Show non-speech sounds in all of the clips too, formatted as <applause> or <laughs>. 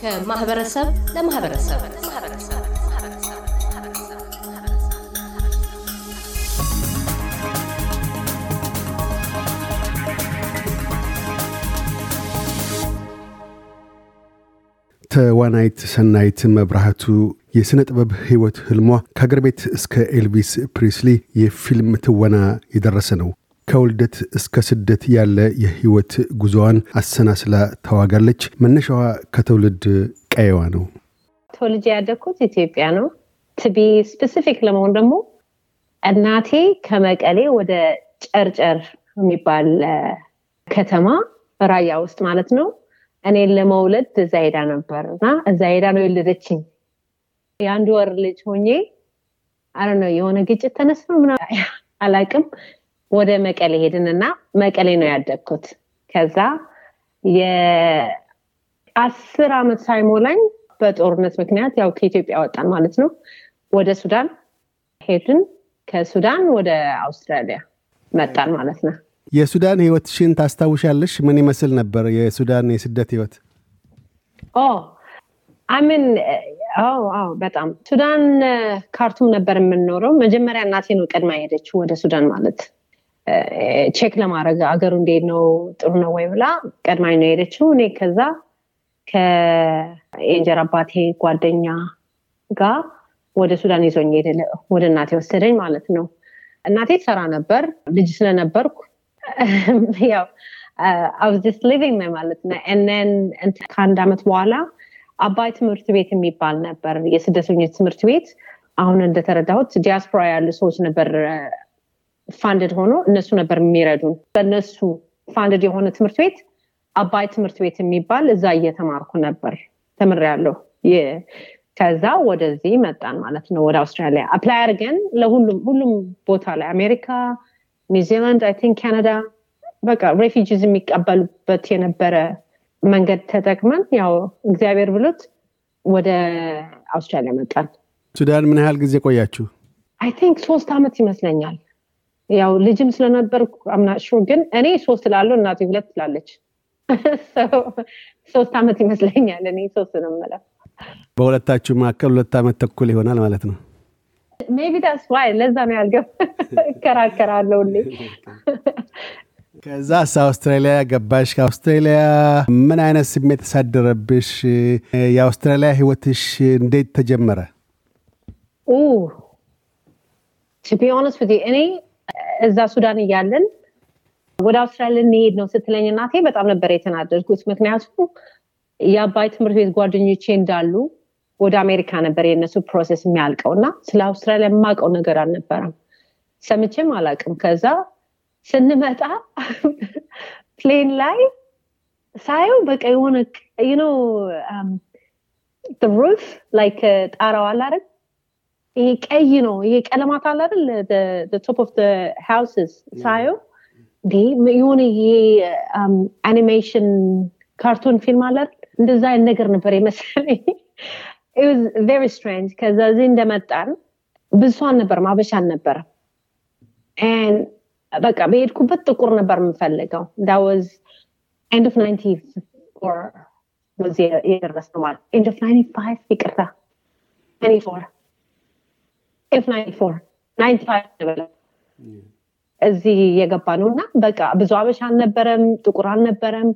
ከማህበረሰብ ለማህበረሰብ ተዋናይት ሰናይት መብራህቱ የሥነ ጥበብ ሕይወት ህልሟ ከአገር ቤት እስከ ኤልቪስ ፕሪስሊ የፊልም ትወና የደረሰ ነው። ከውልደት እስከ ስደት ያለ የህይወት ጉዞዋን አሰናስላ ተዋጋለች። መነሻዋ ከትውልድ ቀየዋ ነው። ተወልጄ ያደግኩት ኢትዮጵያ ነው። ትቢ ስፔሲፊክ ለመሆን ደግሞ እናቴ ከመቀሌ ወደ ጨርጨር የሚባል ከተማ ራያ ውስጥ ማለት ነው እኔን ለመውለድ እዛ ሄዳ ነበር እና እዛ ሄዳ ነው የወለደችኝ። የአንድ ወር ልጅ ሆኜ አረ ነው የሆነ ግጭት ነው ምናምን አላቅም ወደ መቀሌ ሄድን እና መቀሌ ነው ያደግኩት። ከዛ የአስር ዓመት ሳይሞላኝ በጦርነት ምክንያት ያው ከኢትዮጵያ ወጣን ማለት ነው። ወደ ሱዳን ሄድን። ከሱዳን ወደ አውስትራሊያ መጣን ማለት ነው። የሱዳን ህይወት ሽን ታስታውሻለሽ? ምን ይመስል ነበር የሱዳን የስደት ህይወት? አምን በጣም ሱዳን ካርቱም ነበር የምንኖረው። መጀመሪያ እናቴ ነው ቀድማ ሄደችው ወደ ሱዳን ማለት ቼክ ለማድረግ አገሩ እንዴት ነው ጥሩ ነው ወይ ብላ ቀድማኝ ነው የሄደችው እኔ ከዛ ከእንጀራ አባቴ ጓደኛ ጋር ወደ ሱዳን ይዞኝ ሄደ ወደ እናቴ ወሰደኝ ማለት ነው እናቴ ሰራ ነበር ልጅ ስለነበርኩ <laughs> ያው አብዚስ ሊቪንግ ነው ማለት ነው ነን ከአንድ አመት በኋላ አባይ ትምህርት ቤት የሚባል ነበር የስደተኞች ትምህርት ቤት አሁን እንደተረዳሁት ዲያስፖራ ያሉ ሰዎች ነበር ፋንድድ ሆኖ እነሱ ነበር የሚረዱን። በእነሱ ፋንድድ የሆነ ትምህርት ቤት አባይ ትምህርት ቤት የሚባል እዛ እየተማርኩ ነበር ተምር ያለው ከዛ ወደዚህ መጣን ማለት ነው ወደ አውስትራሊያ አፕላይ አድርገን ለሁሉም ሁሉም ቦታ ላይ አሜሪካ፣ ኒውዚላንድ፣ አይ ቲንክ ካናዳ በቃ ሬፊጂዝ የሚቀበሉበት የነበረ መንገድ ተጠቅመን ያው እግዚአብሔር ብሎት ወደ አውስትራሊያ መጣን። ሱዳን ምን ያህል ጊዜ ቆያችሁ? አይ ቲንክ ሶስት ዓመት ይመስለኛል። ያው ልጅም ስለነበርኩ አምናት ግን እኔ ሶስት እላለሁ እናቴ ሁለት ትላለች <laughs> ሶስት ዓመት ይመስለኛል እኔ ሶስት ነው የምለው በሁለታችሁ መካከል ሁለት ዓመት ተኩል ይሆናል ማለት ነው ሜቢ ዳስ ዋይ ለዛ ነው ያልገብ <laughs> እከራከራለሁ <laughs> ከዛ አውስትራሊያ ገባሽ ከአውስትራሊያ ምን አይነት ስሜት ተሳደረብሽ የአውስትራሊያ ህይወትሽ እንዴት ተጀመረ ቢ ኦነስት እኔ እዛ ሱዳን እያለን ወደ አውስትራሊያ ልንሄድ ነው ስትለኝ እናቴ በጣም ነበር የተናደድኩት። ምክንያቱም የአባይ ትምህርት ቤት ጓደኞቼ እንዳሉ ወደ አሜሪካ ነበር የእነሱ ፕሮሰስ የሚያልቀው እና ስለ አውስትራሊያ የማውቀው ነገር አልነበረም፣ ሰምቼም አላውቅም። ከዛ ስንመጣ ፕሌን ላይ ሳየው በቃ የሆነ ሩፍ ላይክ um, uh, ጣራው አላረግ ይሄ ቀይ ነው ይሄ ቀለማት አለ አይደል ቶፕ ኦፍ ሃውስስ ሳዩ የሆነ ይሄ አኒሜሽን ካርቱን ፊልም አለ እንደዛ አይነት ነገር ነበር የመሰለኝ ቨሪ ከዛ ዚ እንደመጣን ብዙ ሰው አልነበረም አበሻ አልነበረም በቃ በሄድኩበት ጥቁር ነበር የምፈልገው ዳወዝ ኤንድ ኦፍ ናይንቲ የደረስነው ማለት ኤንድ ኦፍ ናይንቲ ፋይቭ ይቅርታ ፎር ኤፍ ናይንቲ ፎር ናይንቲ ፋይቭ እዚህ የገባ ነው እና በቃ ብዙ አበሻ አልነበረም ጥቁር አልነበረም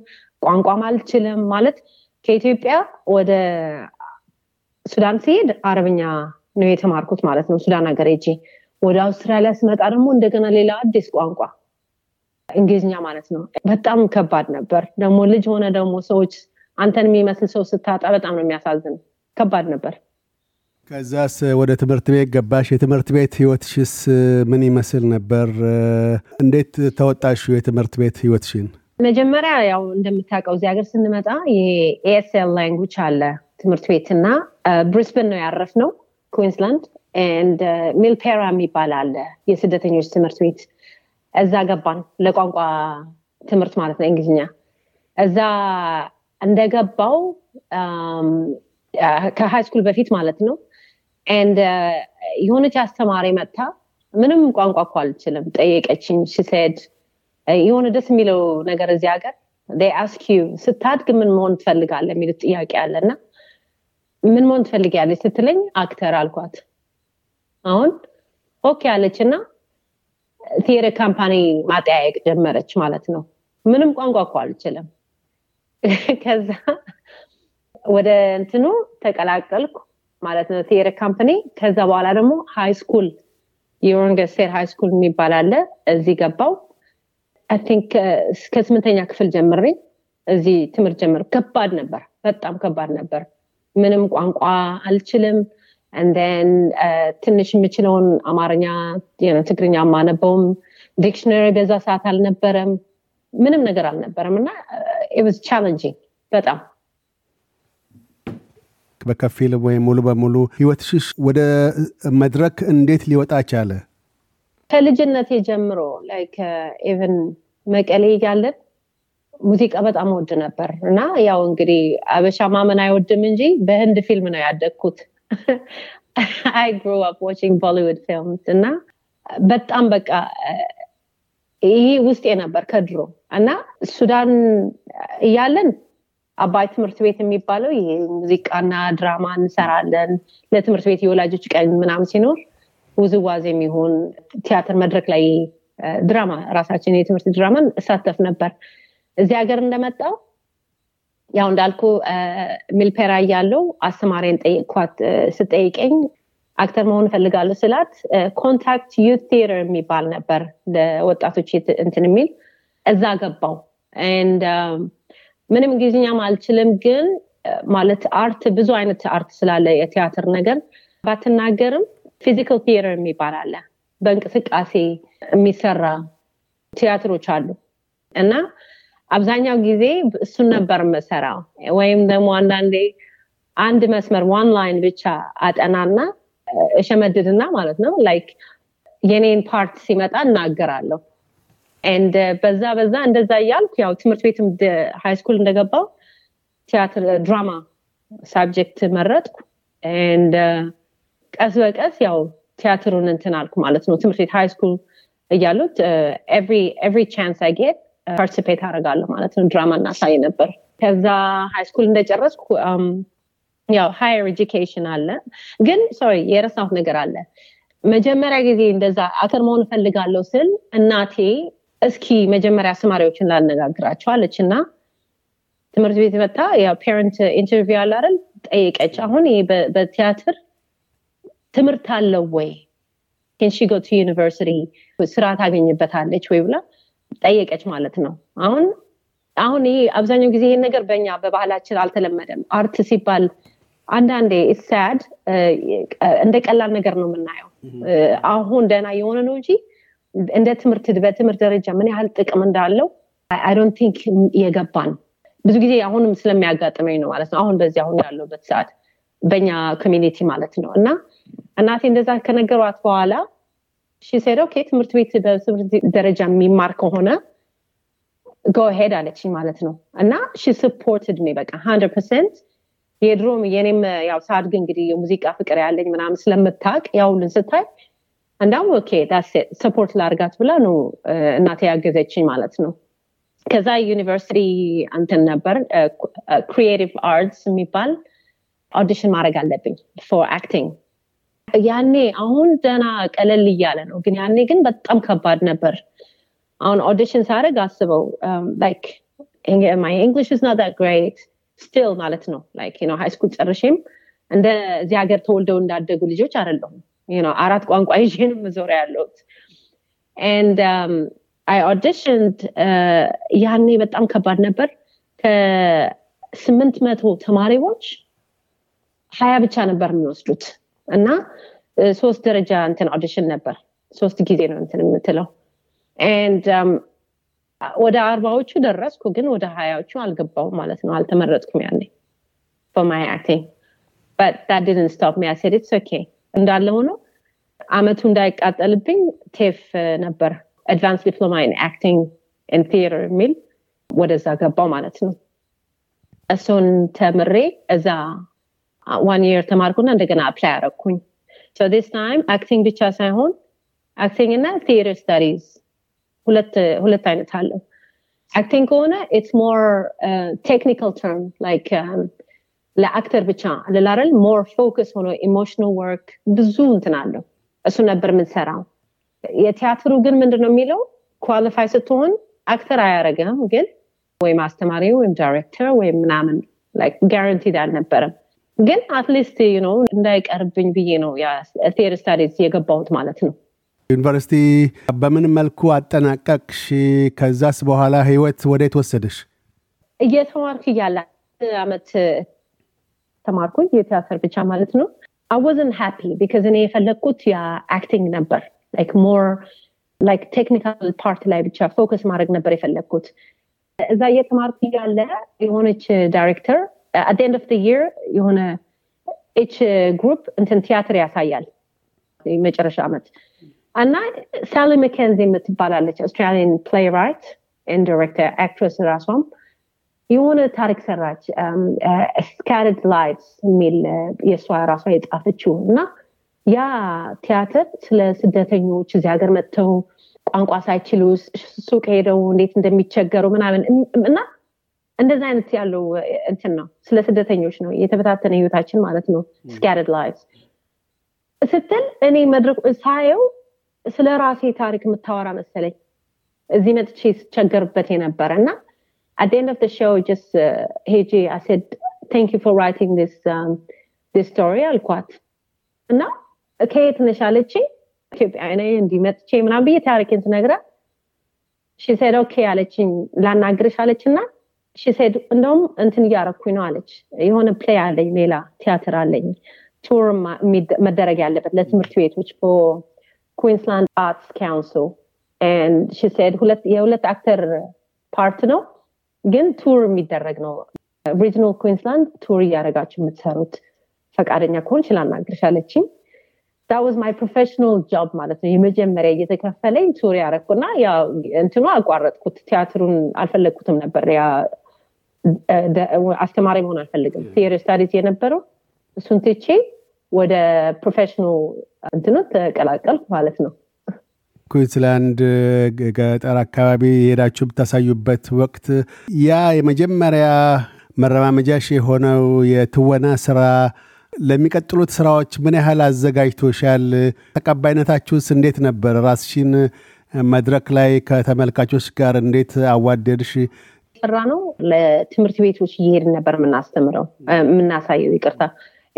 ቋንቋም አልችልም ማለት ከኢትዮጵያ ወደ ሱዳን ሲሄድ አረብኛ ነው የተማርኩት ማለት ነው ሱዳን ሀገር ሄጄ ወደ አውስትራሊያ ስመጣ ደግሞ እንደገና ሌላ አዲስ ቋንቋ እንግሊዝኛ ማለት ነው በጣም ከባድ ነበር ደግሞ ልጅ ሆነ ደግሞ ሰዎች አንተን የሚመስል ሰው ስታጣ በጣም ነው የሚያሳዝን ከባድ ነበር ከዛስ ወደ ትምህርት ቤት ገባሽ። የትምህርት ቤት ህይወትሽስ ምን ይመስል ነበር? እንዴት ተወጣሹ የትምህርት ቤት ህይወትሽን? መጀመሪያ ያው እንደምታውቀው እዚህ ሀገር ስንመጣ ይሄ ላንጉች አለ ትምህርት ቤት እና ብሪስበን ነው ያረፍ ነው ኩዊንስላንድ ንድ ሚልፔራ የሚባል አለ የስደተኞች ትምህርት ቤት። እዛ ገባን ለቋንቋ ትምህርት ማለት ነው እንግሊዝኛ። እዛ እንደገባው ከሃይ ስኩል በፊት ማለት ነው ኤንድ uh, የሆነች አስተማሪ መጥታ ምንም ቋንቋ እኮ አልችልም ጠየቀችኝ ሽሴድ የሆነ ደስ የሚለው ነገር እዚህ ሀገር አስክ ዩ ስታድግ ምን መሆን ትፈልጋለ የሚሉት ጥያቄ አለ እና ምን መሆን ያለች ስትለኝ አክተር አልኳት አሁን ኦኬ አለች እና ቴሪ ካምፓኒ ማጠያየቅ ጀመረች ማለት ነው ምንም ቋንቋ እኮ አልችልም <laughs> ከዛ ወደ እንትኑ ተቀላቀልኩ ማለት ነው ቴር ካምፕኒ ከዛ በኋላ ደግሞ ሃይ ስኩል የወንገሴር ሃይ ስኩል የሚባል አለ እዚህ ገባው ቲንክ uh, እስከ ስምንተኛ ክፍል ጀምሬ እዚህ ትምህርት ጀምር ከባድ ነበር በጣም ከባድ ነበር ምንም ቋንቋ አልችልም ንን uh, ትንሽ የምችለውን አማርኛ ትግርኛ ማነበውም ዲክሽነሪ በዛ ሰዓት አልነበረም ምንም ነገር አልነበረም እና ኢዝ uh, በጣም በከፊል ወይም ሙሉ በሙሉ ህይወትሽሽ ወደ መድረክ እንዴት ሊወጣ ቻለ? ከልጅነቴ ጀምሮ ላይክ ኢቨን uh, መቀሌ እያለን ሙዚቃ በጣም ወድ ነበር እና ያው እንግዲህ አበሻ ማመን አይወድም እንጂ በህንድ ፊልም ነው ያደግኩት። አይ ግሮ አፕ ዋቺንግ ቦሊውድ ፊልምስ እና በጣም በቃ uh, ይሄ ውስጤ ነበር ከድሮ እና ሱዳን እያለን አባይ ትምህርት ቤት የሚባለው ይሄ ሙዚቃና ድራማ እንሰራለን ለትምህርት ቤት የወላጆች ቀን ምናም ሲኖር ውዝዋዜ የሚሆን ቲያትር መድረክ ላይ ድራማ ራሳችን የትምህርት ድራማን እሳተፍ ነበር እዚህ ሀገር እንደመጣው ያው እንዳልኩ ሚልፔራ እያለው አስተማሪን ጠየቅኳት ስጠይቀኝ አክተር መሆን እፈልጋለሁ ስላት ኮንታክት ዩት ቴር የሚባል ነበር ለወጣቶች እንትን የሚል እዛ ገባው ምንም እንግሊዝኛም አልችልም፣ ግን ማለት አርት ብዙ አይነት አርት ስላለ የቲያትር ነገር ባትናገርም ፊዚካል ቲየተር የሚባል አለ። በእንቅስቃሴ የሚሰራ ቲያትሮች አሉ እና አብዛኛው ጊዜ እሱን ነበር መሰራው ወይም ደግሞ አንዳንዴ አንድ መስመር ዋን ላይን ብቻ አጠናና እሸመድድና ማለት ነው ላይክ የኔን ፓርት ሲመጣ እናገራለሁ ኤንድ uh, በዛ በዛ እንደዛ እያልኩ ያው ትምህርት ቤትም ሃይ ስኩል እንደገባው ቲያትር ድራማ ሳብጀክት መረጥኩ ኤንድ uh, ቀስ በቀስ ያው ቲያትሩን እንትን አልኩ ማለት ነው ትምህርት ቤት ሃይ ስኩል እያሉት ኤቭሪ ቻንስ አጌት ፓርቲስፔት አደርጋለሁ ማለት ነው ድራማ እናሳይ ነበር ከዛ ሃይ ስኩል እንደጨረስኩ um, ያው ሃየር ኤጁኬሽን አለ ግን ሶሪ የረሳሁት ነገር አለ መጀመሪያ ጊዜ እንደዛ አተር መሆን እፈልጋለሁ ስል እናቴ እስኪ መጀመሪያ አስተማሪዎችን ላነጋግራቸው አለች እና ትምህርት ቤት መታ ፔረንት ኢንተርቪው አለ አይደል ጠየቀች አሁን በቲያትር ትምህርት አለው ወይ ኬንሺጎ ቱ ዩኒቨርሲቲ ስራ ታገኝበታለች ወይ ብላ ጠየቀች ማለት ነው አሁን አሁን ይሄ አብዛኛው ጊዜ ይሄን ነገር በእኛ በባህላችን አልተለመደም አርት ሲባል አንዳንዴ ሳድ እንደ ቀላል ነገር ነው የምናየው አሁን ደህና የሆነ ነው እንጂ እንደ ትምህርት በትምህርት ደረጃ ምን ያህል ጥቅም እንዳለው አይ ቲንክ የገባ ነው። ብዙ ጊዜ አሁንም ስለሚያጋጥመኝ ነው ማለት ነው። አሁን በዚህ አሁን ያለውበት ሰዓት በኛ ኮሚኒቲ ማለት ነው እና እናቴ እንደዛ ከነገሯት በኋላ ሴድ ኦኬ ትምህርት ቤት በትምህርት ደረጃ የሚማር ከሆነ ጎሄድ አለች ማለት ነው እና ሺ ስፖርትድ ሚ በቃ ሀንድ ፐርሰንት የድሮም የኔም ያው ሳድግ እንግዲህ የሙዚቃ ፍቅር ያለኝ ምናምን ስለምታቅ ያውልን ስታይ አንዳም ኦኬ ዳሴት ሰፖርት ላርጋት ብላ ነው እናቴ ያገዘችኝ ማለት ነው ከዛ ዩኒቨርሲቲ አንትን ነበር ክሪኤቲቭ አርትስ የሚባል ኦዲሽን ማድረግ አለብኝ ፎር አክቲንግ ያኔ አሁን ደና ቀለል እያለ ነው ግን ያኔ ግን በጣም ከባድ ነበር አሁን ኦዲሽን ሳደርግ አስበው ላይክ ማይ ኢንግሊሽ ኢዝ ናት ግሬት ስቲል ማለት ነው ላይክ ሃይስኩል ጨርሼም እንደ ሀገር ተወልደው እንዳደጉ ልጆች አይደለሁም አራት ቋንቋ ይዤ ነው መዞሪያ ያለሁት ኤንድ አይ ኦዲሽንድ ያኔ በጣም ከባድ ነበር ከስምንት መቶ ተማሪዎች ሀያ ብቻ ነበር የሚወስዱት እና uh, ሶስት ደረጃ እንትን ኦዲሽን ነበር ሶስት ጊዜ ነው እንትን የምትለው ኤንድ um, ወደ አርባዎቹ ደረስኩ ግን ወደ ሀያዎቹ አልገባው ማለት ነው አልተመረጥኩም ያኔ በማይ አክቲንግ በት ዳት ኦኬ እንዳለ ሆኖ አመቱ እንዳይቃጠልብኝ ቴፍ ነበር አድቫንስ ዲፕሎማ ኢን አክቲንግ ን ቴር የሚል ወደዛ ገባው ማለት ነው እሱን ተምሬ እዛ ዋን የር ተማርኩና እንደገና አፕላይ ያረኩኝ ስ ታይም አክቲንግ ብቻ ሳይሆን አክቲንግ እና ቴር ስታዲዝ ሁለት አይነት አለው አክቲንግ ከሆነ ኢትስ ሞር ቴክኒካል ተርም ላይክ ለአክተር ብቻ ልላረል ሞር ፎከስ ሆኖ ኢሞሽናል ወርክ ብዙ እንትን አለው እሱ ነበር የምንሰራው። የቲያትሩ ግን ምንድን ነው የሚለው ኳሊፋይ ስትሆን አክተር አያረገም ግን ወይም አስተማሪ ወይም ዳይሬክተር ወይም ምናምን ጋራንቲድ አልነበረም። ግን አትሊስት ነው እንዳይቀርብኝ ብዬ ነው ቴር ስታዲስ የገባሁት ማለት ነው። ዩኒቨርሲቲ በምን መልኩ አጠናቀቅሽ? ከዛስ በኋላ ህይወት ወዴት ወሰደሽ? እየተማርኩ እያለ አመት ተማርኩኝ የቲያትር ብቻ ማለት ነው። I wasn't happy because in AFL Kutya acting number, like more like technical part like which I focus Marag number if I lookut. Zayet Martiala, you want each director, at the end of the year, you wanna each group and the theatre asayal. And I Sally McKenzie Mitbala, Australian playwright and director, actress Raswam. Well. የሆነ ታሪክ ሰራች ስካንድ ላይቭስ የሚል የእሷ ራሷ የጻፈችው እና ያ ቲያትር ስለ ስደተኞች እዚህ ሀገር መጥተው ቋንቋ ሳይችሉ ሱቅ ሄደው እንዴት እንደሚቸገሩ ምናምን እና እንደዚ አይነት ያለው እንትን ነው ስለ ስደተኞች ነው የተበታተነ ህይወታችን ማለት ነው ስካንድ ላይቭስ ስትል እኔ መድረኩ ሳየው ስለ ራሴ ታሪክ የምታወራ መሰለኝ እዚህ መጥቼ ስቸገርበት የነበረ እና at the end of the show, just uh, hey G, I said thank you for writing this um, this story አልኳት እና ከየት ነሽ አለችኝ። ኢትዮጵያዊ ነኝ እንዲህ መጥቼ ምናምን ብዬ ታሪኬን ስነግራት ሺ ሴድ ኦኬ አለችኝ። ላናግርሽ አለችና ሺ ሴድ እንደውም እንትን እያረኩኝ ነው አለች። የሆነ ፕሌይ አለኝ፣ ሌላ ቲያትር አለኝ፣ ቱር መደረግ ያለበት ለትምህርት ቤቶች በኩዊንስላንድ አርትስ ካውንስል ሺ ሴድ የሁለት አክተር ፓርት ነው ግን ቱር የሚደረግ ነው። ሪጅናል ኩንስላንድ ቱር እያደረጋችሁ የምትሰሩት ፈቃደኛ ከሆን ላናግርሽ አለችኝ። ዳወዝ ማይ ፕሮፌሽናል ጆብ ማለት ነው። የመጀመሪያ እየተከፈለኝ ቱር ያደረግኩና እንትኑ አቋረጥኩት። ቲያትሩን አልፈለግኩትም ነበር። አስተማሪ መሆን አልፈልግም። ቴሪ ስታዲዝ የነበረው እሱን ትቼ ወደ ፕሮፌሽናል እንትኑ ተቀላቀልኩ ማለት ነው። በኩል ገጠር አካባቢ የሄዳችሁ ብታሳዩበት ወቅት ያ የመጀመሪያ መረማመጃሽ የሆነው የትወና ስራ ለሚቀጥሉት ስራዎች ምን ያህል አዘጋጅቶሻል? ተቀባይነታችሁስ እንዴት ነበር? ራስሽን መድረክ ላይ ከተመልካቾች ጋር እንዴት አዋደድሽ? የሰራ ነው ለትምህርት ቤቶች እየሄድን ነበር የምናስተምረው የምናሳየው፣ ይቅርታ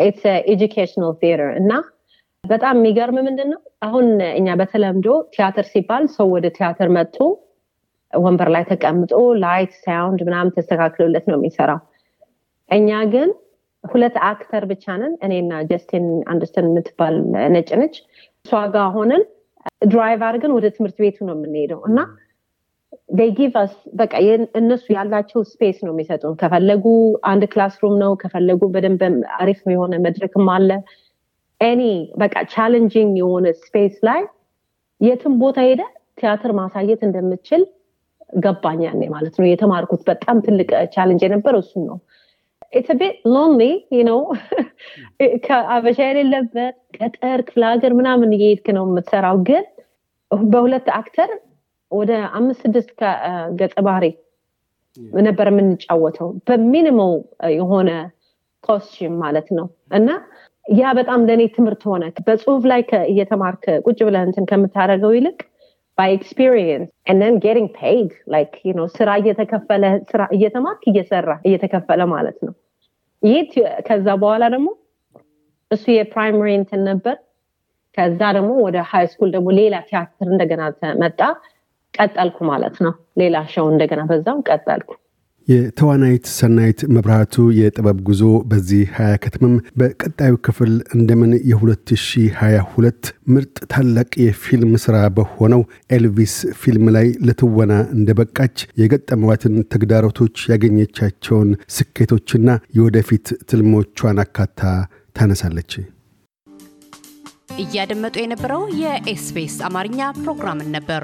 ኢትስ ኤጁኬሽናል ቲያትር እና በጣም የሚገርም ምንድን ነው አሁን እኛ በተለምዶ ቲያትር ሲባል ሰው ወደ ቲያትር መጥቶ ወንበር ላይ ተቀምጦ ላይት ሳውንድ ምናምን ተስተካክሎለት ነው የሚሰራው እኛ ግን ሁለት አክተር ብቻ ነን እኔና ጀስቲን አንደስተን የምትባል ነጭ ነች እሷ ጋር ሆነን ድራይቭ አድርገን ወደ ትምህርት ቤቱ ነው የምንሄደው እና ጊቭስ በቃ እነሱ ያላቸው ስፔስ ነው የሚሰጡን ከፈለጉ አንድ ክላስሩም ነው ከፈለጉ በደንብ አሪፍ የሆነ መድረክም አለ ኤኒ በቃ ቻለንጂንግ የሆነ ስፔስ ላይ የትም ቦታ ሄደ ቲያትር ማሳየት እንደምችል ገባኝ ያኔ ማለት ነው የተማርኩት በጣም ትልቅ ቻለንጅ የነበረ እሱም ነው ኢትስ ቤት ሎንሊ ነው አበሻ የሌለበት ገጠር ክፍለ ሀገር ምናምን እየሄድክ ነው የምትሰራው ግን በሁለት አክተር ወደ አምስት ስድስት uh, ገጸ ባህሪ ነበር የምንጫወተው በሚኒመው የሆነ ኮስቲም ማለት ነው እና ያ በጣም ለእኔ ትምህርት ሆነ። በጽሁፍ ላይ እየተማርክ ቁጭ ብለህ እንትን ከምታደርገው ይልቅ by experience and then getting paid ስራ እየተከፈለ ስራ እየተማርክ እየሰራ እየተከፈለ ማለት ነው። ይህ ከዛ በኋላ ደግሞ እሱ የፕራይመሪ እንትን ነበር። ከዛ ደግሞ ወደ ሃይ ስኩል ደግሞ ሌላ ቲያትር እንደገና መጣ። ቀጠልኩ ማለት ነው። ሌላ ሸው እንደገና በዛም ቀጠልኩ። የተዋናይት ሰናይት መብርሃቱ የጥበብ ጉዞ በዚህ ሀያ ከትምም በቀጣዩ ክፍል እንደምን የ2022 ምርጥ ታላቅ የፊልም ስራ በሆነው ኤልቪስ ፊልም ላይ ለትወና እንደበቃች የገጠመዋትን ተግዳሮቶች፣ ያገኘቻቸውን ስኬቶችና የወደፊት ትልሞቿን አካታ ታነሳለች። እያደመጡ የነበረው የኤስፔስ አማርኛ ፕሮግራምን ነበር።